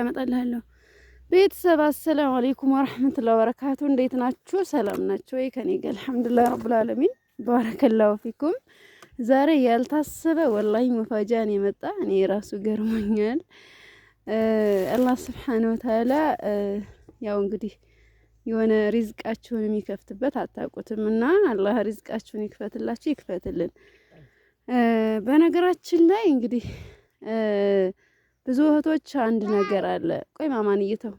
ያመጣልሃለሁ። ቤተሰብ አሰላሙ አሌይኩም ወረህመቱላ በረካቱ። እንዴት ናችሁ? ሰላም ናችሁ ወይ? ከኔ ጋር ረብል ዓለሚን ባረከላሁ ፊኩም። ዛሬ ያልታሰበ ወላሂ መፋጃን የመጣ እኔ ራሱ ገርሞኛል። አላህ ስብሓን ወተዓላ ያው እንግዲህ የሆነ ሪዝቃችሁን የሚከፍትበት አታውቁትም እና አላህ ሪዝቃችሁን ይክፈትላችሁ ይክፈትልን። በነገራችን ላይ እንግዲህ ብዙ እህቶች አንድ ነገር አለ። ቆይ ማማን እይተው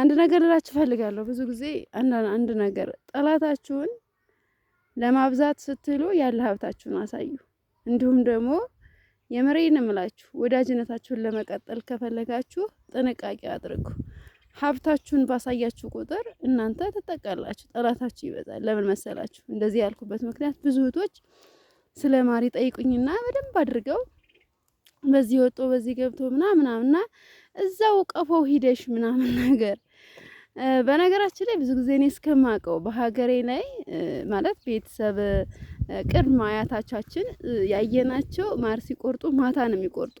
አንድ ነገር ልላችሁ እፈልጋለሁ። ብዙ ጊዜ አንድ ነገር ጠላታችሁን ለማብዛት ስትሉ ያለ ሀብታችሁን አሳዩ። እንዲሁም ደግሞ የምሬን እምላችሁ ወዳጅነታችሁን ለመቀጠል ከፈለጋችሁ ጥንቃቄ አድርጉ። ሀብታችሁን ባሳያችሁ ቁጥር እናንተ ትጠቃላችሁ፣ ጠላታችሁ ይበዛል። ለምን መሰላችሁ? እንደዚህ ያልኩበት ምክንያት ብዙ እህቶች ስለ ማሪ ጠይቁኝና በደንብ አድርገው በዚህ ወጦ በዚህ ገብቶ ምናምናምና እዛው ቀፎው ሂደሽ ምናምን ነገር በነገራችን ላይ ብዙ ጊዜ እኔ እስከማውቀው በሀገሬ ላይ ማለት ቤተሰብ ቅድመ አያታቻችን ያየናቸው ማር ሲቆርጡ ማታ ነው የሚቆርጡ።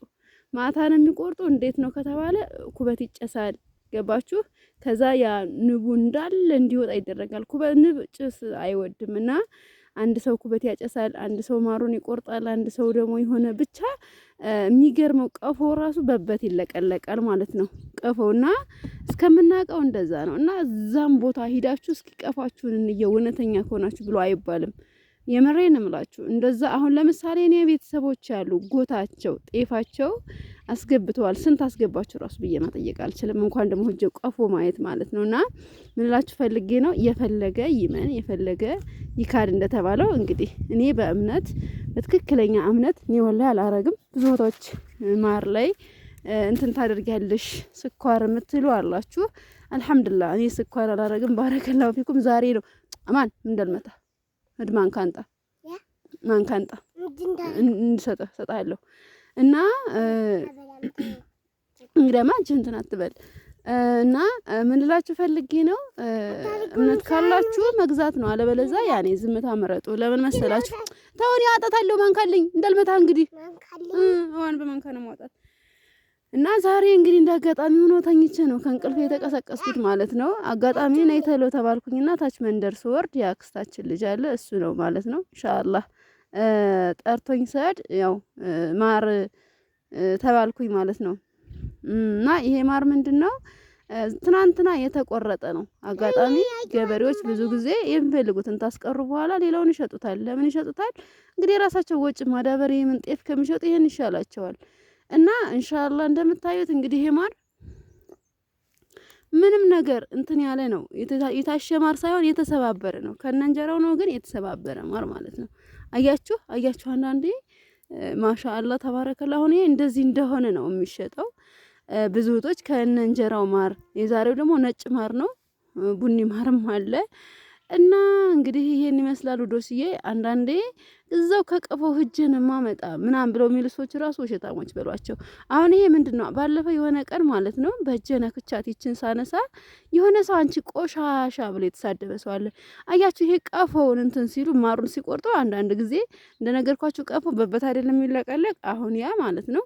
ማታ ነው የሚቆርጡ። እንዴት ነው ከተባለ ኩበት ይጨሳል። ገባችሁ? ከዛ ያ ንቡ እንዳለ እንዲወጣ ይደረጋል። ኩበት ንብ ጭስ አይወድም እና አንድ ሰው ኩበት ያጨሳል፣ አንድ ሰው ማሩን ይቆርጣል፣ አንድ ሰው ደግሞ የሆነ ብቻ የሚገርመው ቀፎ ራሱ በበት ይለቀለቃል ማለት ነው። ቀፎ እና እስከምናውቀው እንደዛ ነው። እና እዛም ቦታ ሂዳችሁ እስኪ እንየው እውነተኛ ከሆናችሁ ብሎ አይባልም። ነው እምላችሁ እንደዛ። አሁን ለምሳሌ እኔ ቤተሰቦች ያሉ ጎታቸው ጤፋቸው አስገብተዋል። ስንት አስገባቸው ራሱ ብዬ መጠየቅ አልችልም። እንኳን ደግሞ ሂጄ ቀፎ ማየት ማለት ነው። እና ምንላችሁ ፈልጌ ነው የፈለገ ይመን የፈለገ ይካድ እንደተባለው እንግዲህ እኔ በእምነት በትክክለኛ እምነት እኔ አላረግም። ብዙ ቦታዎች ማር ላይ እንትን ታደርጊያለሽ ስኳር የምትሉ አላችሁ። አልሐምዱሊላህ እኔ ስኳር አላረግም። ባረከላሁ ፊኩም ዛሬ ነው አማን እንደልመታ እድ ማንካንጣ ማንካንጣ እንድሰጠ ሰጣለሁ እና እንግዲያማ አንቺ እንትን አትበል እና ምን ልላችሁ ፈልጌ ነው፣ እምነት ካላችሁ መግዛት ነው። አለበለዛ ያኔ ዝምታ ምረጡ። ለምን መሰላችሁ? ተውን ያጣታለሁ። ማንካልኝ እንዳልመታ እንግዲህ ዋን በማንካ ነው ማውጣት እና ዛሬ እንግዲህ እንደ አጋጣሚ ሆኖ ተኝቼ ነው ከእንቅልፍ የተቀሰቀስኩት ማለት ነው። አጋጣሚ ነይ ተሎ ተባልኩኝና ታች መንደር ስወርድ የአክስታችን ልጅ አለ እሱ ነው ማለት ነው። ኢንሻአላህ ጠርቶኝ ሰድ ያው ማር ተባልኩኝ ማለት ነው። እና ይሄ ማር ምንድን ነው? ትናንትና የተቆረጠ ነው። አጋጣሚ ገበሬዎች ብዙ ጊዜ የሚፈልጉትን ታስቀሩ በኋላ ሌላውን ይሸጡታል። ለምን ይሸጡታል? እንግዲህ የራሳቸው ወጭ ማዳበሪያ፣ ምን ጤፍ ከሚሸጡ ይሄን ይሻላቸዋል። እና እንሻላ እንደምታዩት እንግዲህ ይሄ ማር ምንም ነገር እንትን ያለ ነው። የታሸ ማር ሳይሆን የተሰባበረ ነው። ከነ እንጀራው ነው ግን የተሰባበረ ማር ማለት ነው። አያችሁ አያችሁ፣ አንዳንዴ ማሻአላ ተባረከላ። አሁን ይሄ እንደዚህ እንደሆነ ነው የሚሸጠው። ብዙ እህቶች ከነንጀራው ማር፣ የዛሬው ደግሞ ነጭ ማር ነው። ቡኒ ማርም አለ እና እንግዲህ ይሄን ይመስላሉ ዶስዬ። አንዳንዴ እዛው ከቀፎ ህጅን ማመጣ ምናም ብለው የሚሉ ሰዎች ራሱ ውሸታሞች በሏቸው። አሁን ይሄ ምንድን ነው? ባለፈው የሆነ ቀን ማለት ነው በእጄ ነክቻት ይችን ሳነሳ የሆነ ሰው አንቺ ቆሻሻ ብሎ የተሳደበ ሰው አለ። አያችሁ፣ ይሄ ቀፎውን እንትን ሲሉ ማሩን ሲቆርጠው አንዳንድ ጊዜ እንደነገርኳችሁ ቀፎ በበት አይደለም የሚለቀለቅ። አሁን ያ ማለት ነው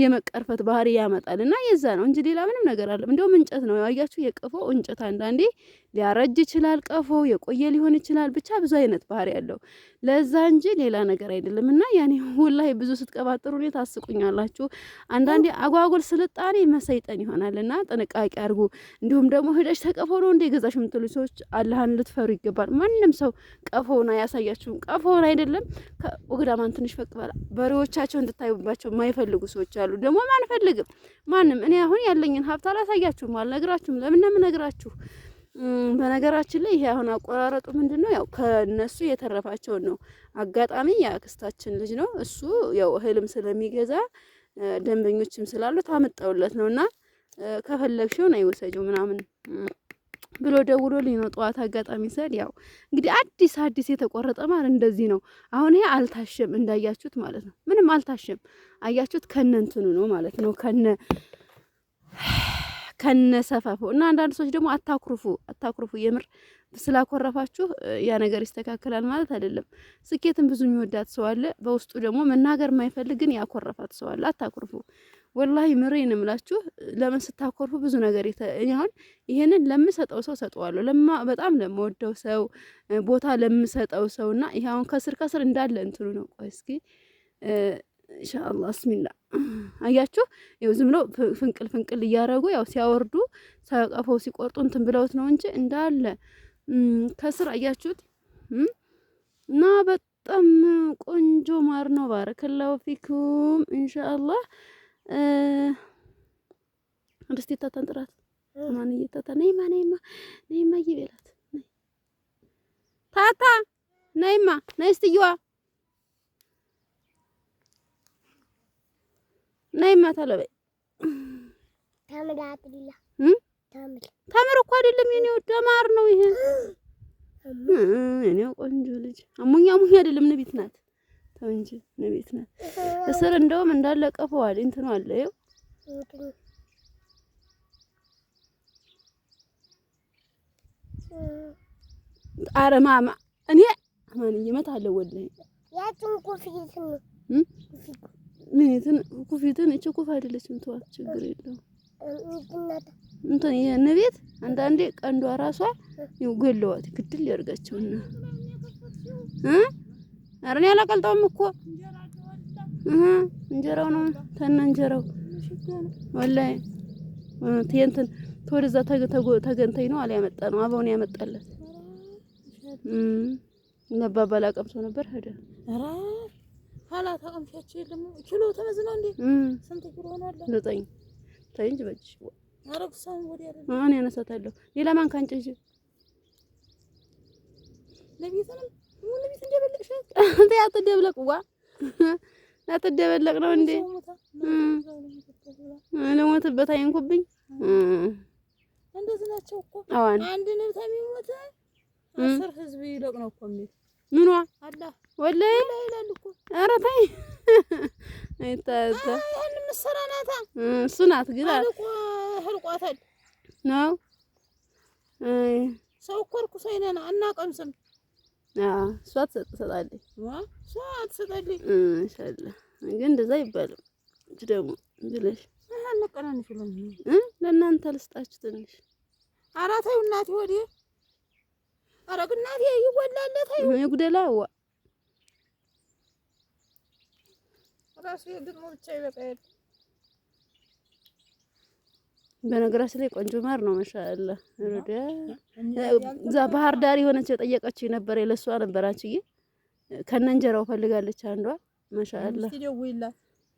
የመቀርፈት ባህሪ ያመጣል እና የዛ ነው እንጂ ሌላ ምንም ነገር አለም። እንዲሁም እንጨት ነው ያያችሁ፣ የቀፎ እንጨት አንዳንዴ ሊያረጅ ይችላል፣ ቀፎ የቆየ ሊሆን ይችላል። ብቻ ብዙ አይነት ባህሪ ያለው ለዛ እንጂ ሌላ ነገር አይደለም። እና ያኔ ወላሂ ብዙ ስትቀባጥሩ እኔ ታስቁኛላችሁ። አንዳንዴ አጓጉል ስልጣኔ መሰይጠን ይሆናል እና ጥንቃቄ አድርጉ። እንዲሁም ደግሞ ሄደሽ ተቀፎ ነው እንደ ገዛሽ የምትሉ ሰዎች አላህን ልትፈሩ ይገባል። ማንም ሰው ቀፎውን አያሳያችሁም። ቀፎውን አይደለም ከኦግዳማን ትንሽ ፈቅበላ በሬዎቻቸው እንድታዩባቸው የማይፈልጉ ሰዎች ሰዎች አሉ። ደግሞ አንፈልግም ማንም። እኔ አሁን ያለኝን ሀብት አላሳያችሁም፣ አልነግራችሁም። ለምን ነው የምነግራችሁ? በነገራችን ላይ ይሄ አሁን አቆራረጡ ምንድን ነው? ያው ከነሱ የተረፋቸውን ነው። አጋጣሚ የአክስታችን ልጅ ነው እሱ ያው እህልም ስለሚገዛ ደንበኞችም ስላሉ ታመጣውለት ነው እና ከፈለግሽው ነው ይወሰጂው ምናምን ብሎ ደውሎ ልኝ ነው ጠዋት አጋጣሚ ስል ያው እንግዲህ አዲስ አዲስ የተቆረጠ ማለት እንደዚህ ነው። አሁን ይሄ አልታሸም እንዳያችሁት ማለት ነው። ምንም አልታሸም አያችሁት፣ እንትኑ ነው ማለት ነው። ከነ ከነ ሰፈፉ እና አንዳንድ ሰዎች ደግሞ አታኩርፉ፣ አታኩርፉ የምር ስላኮረፋችሁ ያ ነገር ይስተካከላል ማለት አይደለም። ስኬትን ብዙ የሚወዳት ሰው አለ፣ በውስጡ ደግሞ መናገር ማይፈልግን ያኮረፋት ሰው አለ። አታኩርፉ። ወላሂ ምሬን እምላችሁ ለምን ስታኮርፉ ብዙ ነገር እኔ አሁን ይሄንን ለምሰጠው ሰው ሰጠዋለሁ። ለማ በጣም ለምወደው ሰው ቦታ ለምሰጠው ሰው እና ይሄ አሁን ከስር ከስር እንዳለ እንትኑ ነው። ቆይ እስኪ ኢንሻአላህ ብስሚላ አያችሁ፣ ይኸው ዝም ብሎ ፍንቅል ፍንቅል እያረጉ ያው ሲያወርዱ ሳያቀፈው ሲቆርጡ እንትን ብለውት ነው እንጂ እንዳለ ከስር አያችሁት እና በጣም ቆንጆ ማር ነው። ባረከላሁ ፊኩም ኢንሻአላህ እስቲ እታታን ጥራት ማንዬ እታታ ነይማ ነይማ ነይማ ይበላት ታታ ነይማ ነይ ነይማ ታለ በይ ታምር እኮ አይደለም የኔ ወደ ማር ነው ይሄ የኔ ቆንጆ ልጅ አሞኛ አሞኛ አይደለም ንቢት ናት ተው እንጂ ንቤት ናት። እስር እንደውም እንዳለ ቀፈዋል እንትኑ አለ ይው ኧረ ማማ እኔ ማን እመታለሁ ወላሂ ያቺን ኩፊትን ምንትን ኩፊትን እቺ ኩፍ አይደለችም። ተዋት ችግር የለውም። እንትን ንቤት አንዳንዴ ቀንዷ ራሷ ይው ገለዋት ግድል ያርጋቸውና ኧረ እኔ አላቀልጠውም እኮ እንጀራው ነው ተና እንጀራው ወላሂ እንትን ተወደዛ ተገንተኝ ነው አለ ያመጣ ነው አበውን ያመጣለት ነባባላ ቀምሶ ነበር ሄደ። ኧረ ኋላ ተቀምሻችሁ የለም ኪሎ ተመዝኖ እንዴ ስንት ኪሎ ሆናለ ዘጠኝ ተይ እንጂ በእጅሽ እኔ አነሳታለሁ። ሌላ ማን ካንጨጅ ካንጨ አትደበለቅሻት። አትደብለቅዋ አትደበለቅ ነው እንዴ? ልሞትበት አይንኩብኝ። እንደዚህ ናቸው እኮ አንድ አስር ህዝብ ይለቅ ነው እኮ የሚል ምኗ ወላሂ ይላል እኮ። ኧረ ተይ አይታዘ ናታ እሱ ናት ግን ህልቋታል ነው ሰው እኮ እርኩስ አይነና እሷ ትሰጣለች፣ እሷ ትሰጣለች። ኢንሻላህ ግን እንደዛ አይባልም። እንጂ ደግሞ ብለሽ ለእናንተ ልስጣችሁ ትንሽ እናቴ ወዲህ እናቴ ይጉደላ ዋ ራሱ ብቻ ይበቃል። በነገራችን ላይ ቆንጆ ማር ነው። መሻለ እዛ ባህር ዳር የሆነች የጠየቀችው ነበር የለሷ ነበራች ይ ከነ እንጀራው ፈልጋለች አንዷ። መሻለ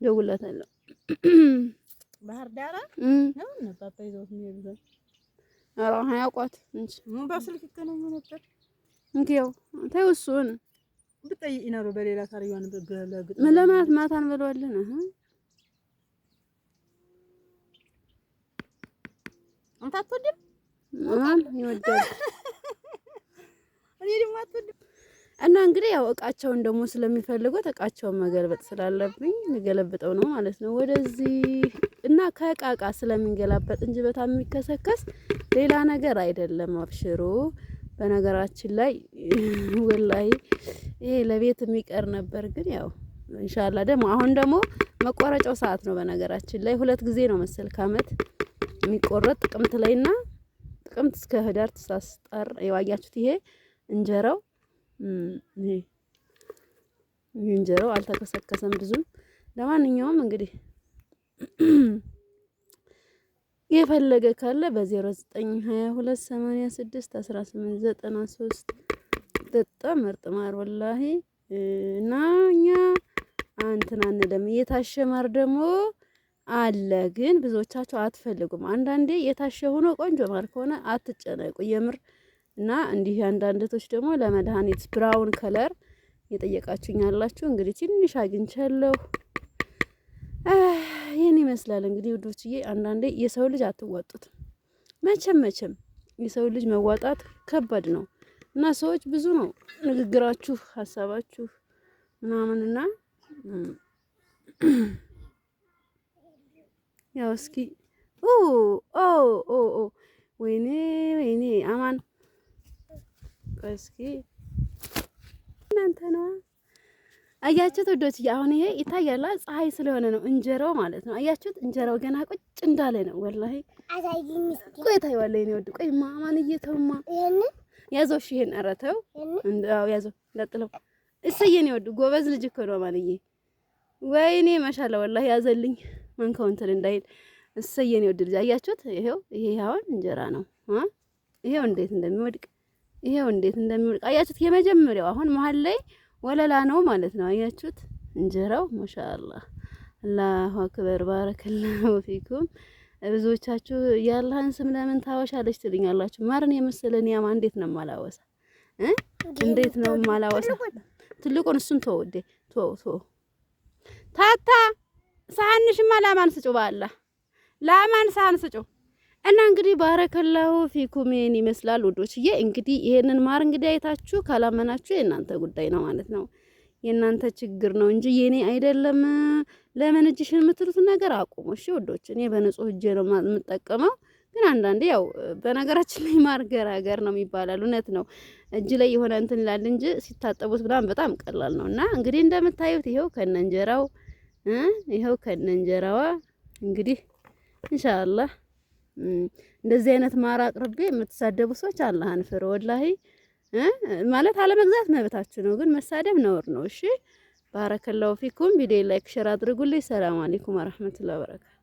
ደውላታለሁ። ባህር ዳር ነው ነበር ይዘውት በስልክ ይገናኙ ነበር። ተይው እሱን ነው በሌላ ታሪዋን ለማት ማታን ብሏልን አትወድም? ይወዳል። እኔ ደግሞ አትወድም። እና እንግዲህ ያው እቃቸውን ደግሞ ስለሚፈልጉት እቃቸውን መገልበጥ ስላለብኝ ልገለብጠው ነው ማለት ነው ወደዚህ እና ከእቃ እቃ ስለሚንገላበጥ እንጂ በጣም የሚከሰከስ ሌላ ነገር አይደለም። አብሽሮ በነገራችን ላይ ወላሂ ይሄ ለቤት የሚቀር ነበር ግን ያው ኢንሻላ ደግሞ አሁን ደግሞ መቆረጫው ሰዓት ነው። በነገራችን ላይ ሁለት ጊዜ ነው መሰል ከአመት የሚቆረጥ ጥቅምት ላይና ጥቅምት እስከ ህዳር ታህሳስ ጠር የዋያችሁት ይሄ እንጀራው ይሄ እንጀራው አልተከሰከሰም ብዙም። ለማንኛውም እንግዲህ የፈለገ ካለ በ0922861893 በጣም ምርጥ ማር ወላሂ እና እኛ እንትን አንልም። የታሸ ማር ደግሞ አለ፣ ግን ብዙዎቻቸው አትፈልጉም። አንዳንዴ የታሸ ሆኖ ቆንጆ ማር ከሆነ አትጨነቁ የምር እና እንዲህ አንዳንዶች ደግሞ ለመድኃኒት ብራውን ከለር የጠየቃችሁኝ ያላችሁ እንግዲህ ትንሽ አግኝቻለሁ። ይህን ይመስላል እንግዲህ ውዶችዬ። አንዳንዴ የሰው ልጅ አትዋጡትም መቼም መቼም የሰው ልጅ መዋጣት ከባድ ነው እና ሰዎች ብዙ ነው ንግግራችሁ፣ ሀሳባችሁ ምናምንና ያው እስኪ ኦ ኦ ኦ ወይኔ ወይኔ አማን እስኪ እናንተ ነዋ። አያችሁት ወዶች አሁን ይሄ ይታያላ። ፀሐይ ስለሆነ ነው እንጀራው ማለት ነው። አያችሁት እንጀራው ገና ቁጭ እንዳለ ነው። ወላሂ ቆይ ታይዋለህ። እኔ ወድ ቆይ ማማን እየተውማ ያዘው። እሺ ይሄን ኧረ ያዘው፣ እንዳጥለው። እሰይ እኔ ጎበዝ ልጅ እኮ ነው ማለዬ ወይኔ መሻላ ወላህ ያዘልኝ መንካው እንትን እንዳይል እሰየን ወድ ልጅ አያችሁት። ይሄው ይሄ አሁን እንጀራ ነው። ይሄው እንዴት እንደሚወድቅ ይሄው እንዴት እንደሚወድቅ አያችሁት። የመጀመሪያው አሁን መሀል ላይ ወለላ ነው ማለት ነው። አያችሁት እንጀራው ማሻአላ። አላሁ አክበር ባረከላሁ ፊኩም። ብዙዎቻችሁ የአላህን ስም ለምን ታወሻለች ትልኛላችሁ። ማርን የመሰለ ኒያማ እንዴት ነው ማላወሳ? እንዴት ነው ማላወሳ? ትልቁን እሱን ተወዴ ተወ ታታ ሳህንሽማ ላማን ስጩ፣ ባላ ላማን ሳህን ስጩ። እና እንግዲህ ባረከላሁ ፊኩም ይሄን ይመስላል ውዶችዬ። እንግዲህ ይሄንን ማር እንግዲህ አይታችሁ ካላመናችሁ የእናንተ ጉዳይ ነው ማለት ነው፣ የእናንተ ችግር ነው እንጂ የኔ አይደለም። ለምን እጅሽን የምትሉት ነገር አቁሙ እሺ ውዶች። እኔ በንጹህ እጄ ነው የምጠቀመው፣ ግን አንዳንዴ ያው በነገራችን ላይ ማር ገራገር ነው የሚባላል እውነት ነው። እጅ ላይ የሆነ እንትን ይላል እንጂ ሲታጠቡት ምናምን በጣም ቀላል ነው። እና እንግዲህ እንደምታዩት ይኸው ከነ እንጀራው ይኸው ከነ እንጀራዋ እንግዲህ እንሻላ እንደዚህ አይነት ማር አቅርቤ የምትሳደቡ ሰዎች አላህን ፍሩ። ወላሂ ማለት አለመግዛት መብታችሁ ነው፣ ግን መሳደብ ነውር ነው። እሺ ባረከላሁ ፊኩም። ቪዲዮ ላይክ፣ ሸር አድርጉልኝ። ሰላም አለይኩም ወራህመቱላሂ ወበረካቱ